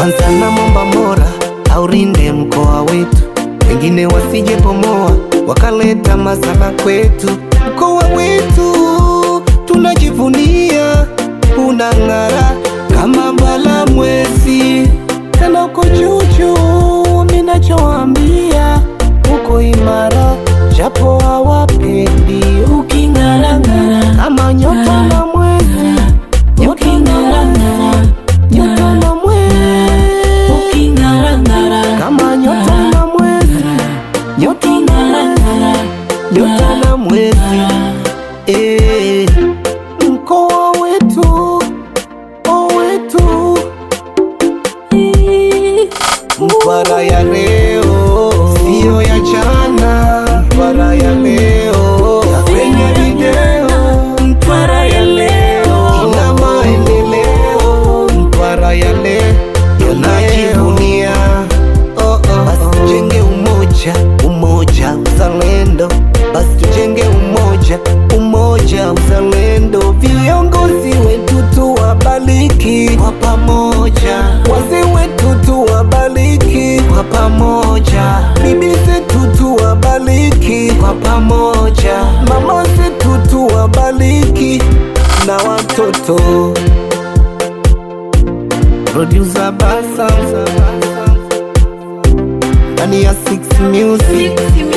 Kwanza na aurinde mkoa wetu, wengine pomoa wakaleta masala kwetu mkoa wetu. nyota na mwezi eh, mkoa wetu o wetu Mtwara ya leo sio ya jana, Mtwara ya leo ya ya leo ya leo tujenge umoja, umoja, uzalendo. Viongozi wetu tuwabariki kwa pamoja, wazee wetu tuwabariki kwa pamoja, bibi zetu tuwabariki kwa pamoja, mama zetu tuwabariki na watoto Producer Bassam ndani ya Six Music.